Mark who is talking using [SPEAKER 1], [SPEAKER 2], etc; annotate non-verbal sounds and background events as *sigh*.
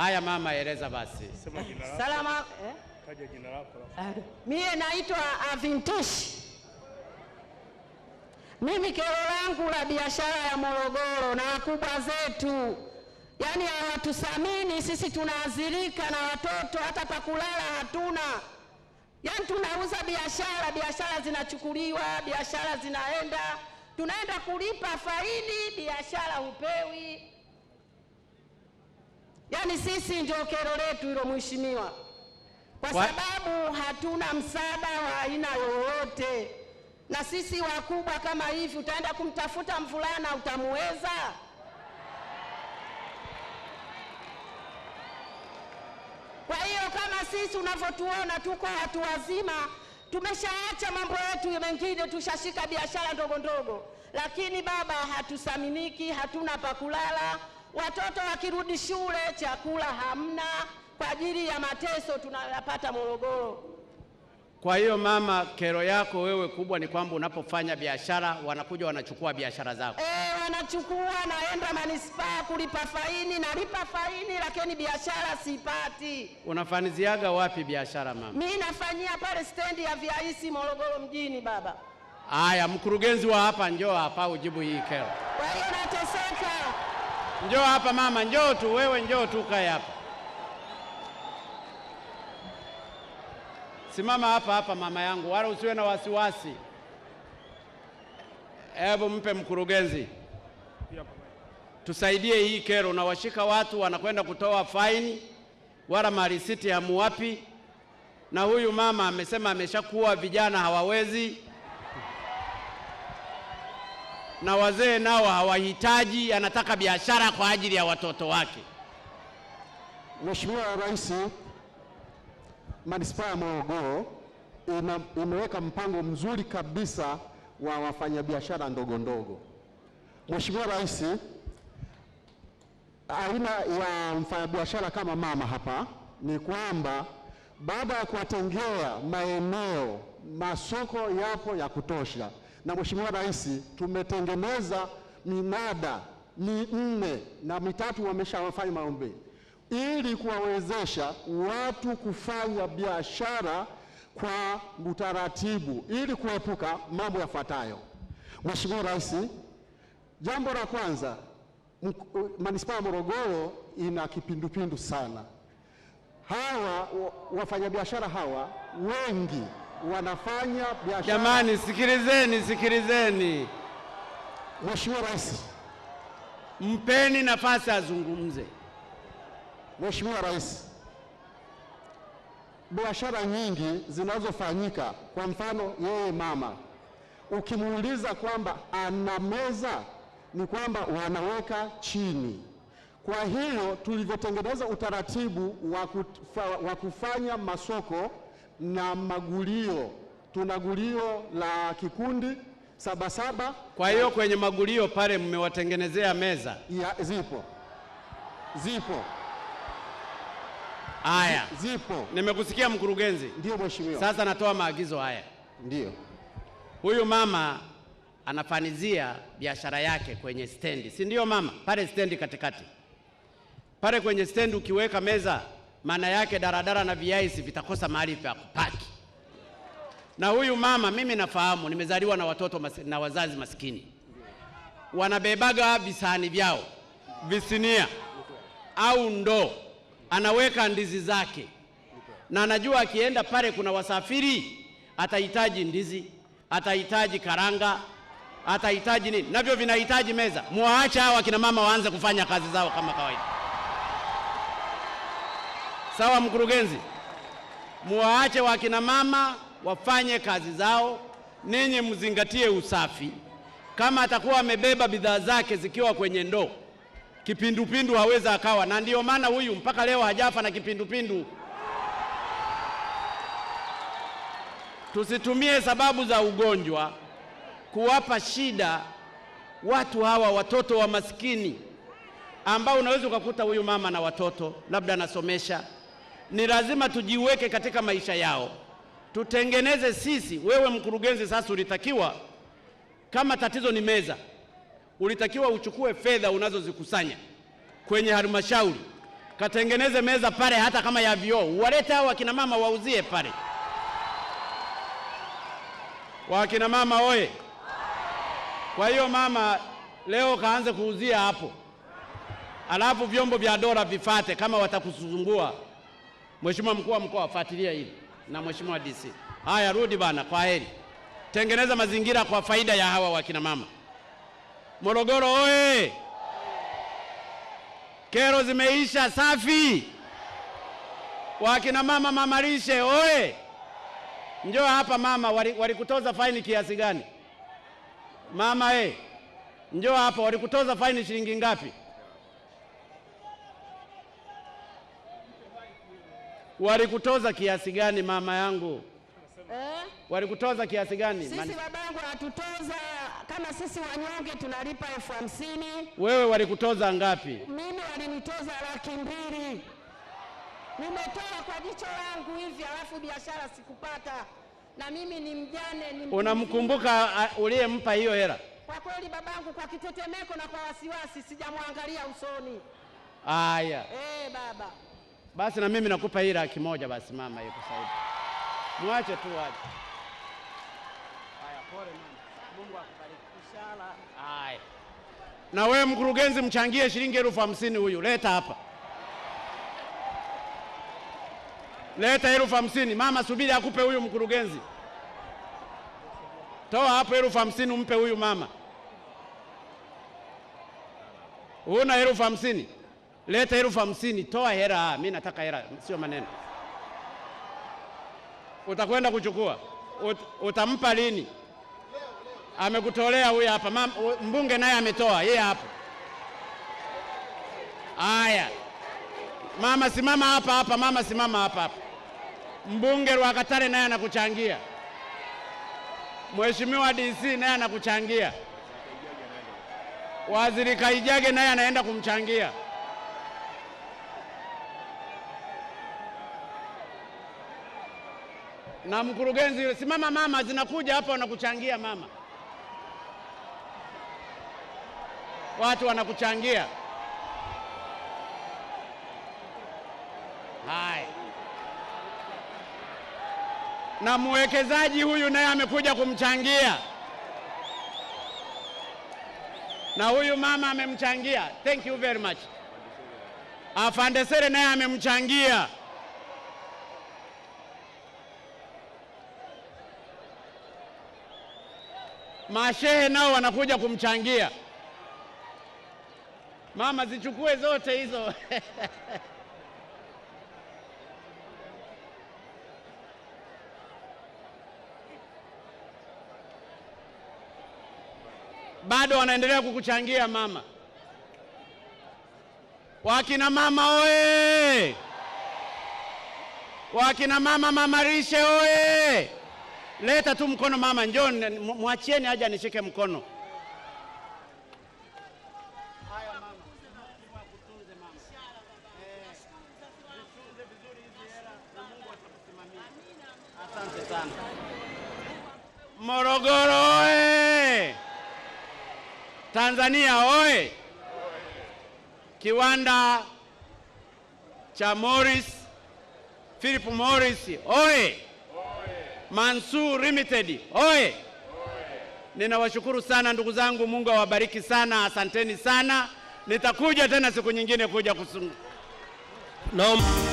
[SPEAKER 1] Haya mama, eleza basi. Sema
[SPEAKER 2] jina lako. Salama, eh? Taja jina lako. Eh, mie naitwa Avintishi. Mimi kero langu la biashara ya Morogoro na wakubwa zetu, yaani hawatuthamini sisi, tunaadhirika na watoto, hata pa kulala hatuna. Yaani tunauza biashara, biashara zinachukuliwa, biashara zinaenda, tunaenda kulipa faini, biashara hupewi Yaani sisi ndio kero letu hilo mheshimiwa, kwa sababu hatuna msaada wa aina yoyote. Na sisi wakubwa kama hivi, utaenda kumtafuta mvulana utamweza? Kwa hiyo kama sisi unavyotuona, tuko watu wazima, tumeshaacha mambo yetu mengine, tushashika biashara ndogo ndogo, lakini baba, hatusaminiki, hatuna pa kulala watoto wakirudi shule chakula hamna, kwa ajili ya mateso tunayapata Morogoro.
[SPEAKER 1] Kwa hiyo mama, kero yako wewe kubwa ni kwamba unapofanya biashara wanakuja wanachukua biashara zako.
[SPEAKER 2] E, wanachukua, naenda manispaa kulipa faini, nalipa faini, lakini biashara sipati.
[SPEAKER 1] Unafaniziaga wapi biashara mama?
[SPEAKER 2] Mimi nafanyia pale stendi ya Viaisi Morogoro mjini baba.
[SPEAKER 1] aya mkurugenzi wa hapa njoo hapa ujibu hii kero.
[SPEAKER 2] Kwa hiyo nateseka.
[SPEAKER 1] Njoo hapa mama, njoo tu wewe, njoo tu kae hapa, simama hapa hapa, mama yangu, wala usiwe na wasiwasi. Hebu mpe mkurugenzi, tusaidie hii kero. Unawashika watu wanakwenda kutoa faini, wala marisiti hamuwapi, na huyu mama amesema ameshakuwa vijana hawawezi na wazee nao hawahitaji, anataka biashara kwa ajili ya watoto wake.
[SPEAKER 3] Mheshimiwa Rais, manispaa ya Morogoro imeweka mpango mzuri kabisa wa wafanyabiashara ndogo ndogo. Mheshimiwa Rais, aina ya mfanyabiashara kama mama hapa ni kwamba baada ya kuwatengea maeneo, masoko yapo ya kutosha na Mheshimiwa Rais tumetengeneza minada minne na mitatu wameshawafanya maombi ili kuwawezesha watu kufanya biashara kwa utaratibu ili kuepuka mambo yafuatayo. Mheshimiwa Rais, jambo la kwanza, manispaa ya Morogoro ina kipindupindu sana. Hawa wafanyabiashara hawa wengi wanafanya biashara.
[SPEAKER 1] Jamani, sikilizeni, sikilizeni.
[SPEAKER 3] Mheshimiwa Rais,
[SPEAKER 1] mpeni nafasi azungumze.
[SPEAKER 3] Mheshimiwa Rais, biashara nyingi zinazofanyika, kwa mfano yeye mama, ukimuuliza kwamba ana meza, ni kwamba wanaweka chini. Kwa hiyo tulivyotengeneza utaratibu wa kufanya masoko na magulio. Tuna gulio la kikundi sabasaba.
[SPEAKER 1] Kwa hiyo kwenye magulio pale mmewatengenezea meza
[SPEAKER 3] ya, zipo zipo haya zipo.
[SPEAKER 1] Nimekusikia mkurugenzi.
[SPEAKER 3] Ndio mheshimiwa.
[SPEAKER 1] Sasa natoa maagizo haya. Ndio huyu mama anafanizia biashara yake kwenye stendi, si ndio mama? Pale stendi katikati pale kwenye stendi ukiweka meza maana yake daradara na viaisi vitakosa mahali pa kupaki. Na huyu mama, mimi nafahamu, nimezaliwa na watoto mas na wazazi maskini, wanabebaga visani vyao visinia au ndoo, anaweka ndizi zake, na anajua akienda pale kuna wasafiri, atahitaji ndizi, atahitaji karanga, atahitaji nini, navyo vinahitaji meza. Muwaacha hawa akina mama waanze kufanya kazi zao kama kawaida. Sawa, mkurugenzi, muwaache wakina mama wafanye kazi zao, ninyi mzingatie usafi. Kama atakuwa amebeba bidhaa zake zikiwa kwenye ndoo, kipindupindu haweza akawa na, ndiyo maana huyu mpaka leo hajafa na kipindupindu. Tusitumie sababu za ugonjwa kuwapa shida watu hawa, watoto wa maskini ambao unaweza ukakuta huyu mama na watoto labda anasomesha ni lazima tujiweke katika maisha yao, tutengeneze sisi. Wewe mkurugenzi, sasa ulitakiwa, kama tatizo ni meza, ulitakiwa uchukue fedha unazozikusanya kwenye halmashauri, katengeneze meza pale, hata kama ya vioo, walete hao wakina mama wauzie pale. Wakina mama oye! Kwa hiyo mama leo kaanze kuuzia hapo, alafu vyombo vya dola vifate kama watakusumbua. Mheshimiwa mkuu wa mkoa, fuatilia hili na Mheshimiwa DC. Haya, rudi bana, kwa heri. Tengeneza mazingira kwa faida ya hawa wakina mama. Morogoro oye! Kero zimeisha, safi. Wakina mama, mamalishe oye! Njoo hapa mama, walikutoza wali faini kiasi gani mama? Eh, njoo hapa, walikutoza faini shilingi ngapi? walikutoza kiasi gani mama yangu eh? walikutoza kiasi gani?
[SPEAKER 2] Sisi babangu hatutoza kama sisi wanyonge tunalipa elfu hamsini.
[SPEAKER 1] Wewe walikutoza ngapi?
[SPEAKER 2] Mimi walinitoza laki mbili. Nimetoa kwa jicho langu hivi, alafu biashara sikupata, na mimi ni mjane. Ni
[SPEAKER 1] unamkumbuka uliyempa hiyo hela?
[SPEAKER 2] Kwa kweli babangu, kwa kitetemeko na kwa wasiwasi, sijamwangalia usoni. Aya, eh, baba
[SPEAKER 1] basi na mimi nakupa hii laki moja basi mama yuko kusaidia. Mwache tu waje. Haya, pole mama. Mungu akubariki. Inshallah. Haya. Na wewe mkurugenzi, mchangie shilingi elfu hamsini huyu, leta hapa. Leta elfu hamsini mama, subiri akupe huyu mkurugenzi. Toa hapo elfu hamsini umpe huyu mama. Una elfu hamsini? leta elfu hamsini, toa hera mi nataka hera sio maneno. Utakwenda kuchukua Ut, utampa lini? Amekutolea huyu hapa, mbunge naye ametoa, yeye hapa. Aya, mama simama hapa hapa, mama simama hapa hapa, mbunge katare naye anakuchangia, mheshimiwa DC naye anakuchangia, waziri Kaijage naye anaenda kumchangia. na mkurugenzi yule, simama mama, zinakuja hapa, wanakuchangia mama, watu wanakuchangia. Haya, na mwekezaji huyu naye amekuja kumchangia, na huyu mama amemchangia. Thank you very much. Afande Sere naye amemchangia. mashehe nao wanakuja kumchangia mama, zichukue zote hizo *laughs* bado wanaendelea kukuchangia mama. Wakina mama oye! Wakina mama mamarishe oye! leta tu mkono mama, njoo mwachieni aje nishike mkono. Morogoro oye! Tanzania oye! Kiwanda cha Morris Philip Morris oye! Mansur Limited oye! Ninawashukuru sana ndugu zangu, Mungu awabariki sana, asanteni sana. Nitakuja tena siku nyingine kuja kusungu no.